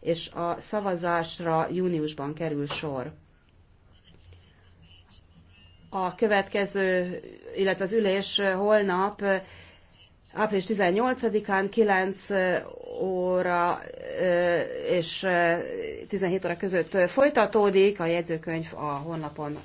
és a szavazásra júniusban kerül sor. A következő, illetve az ülés holnap április 18-án 9 óra és 17 óra között folytatódik, a jegyzőkönyv a honlapon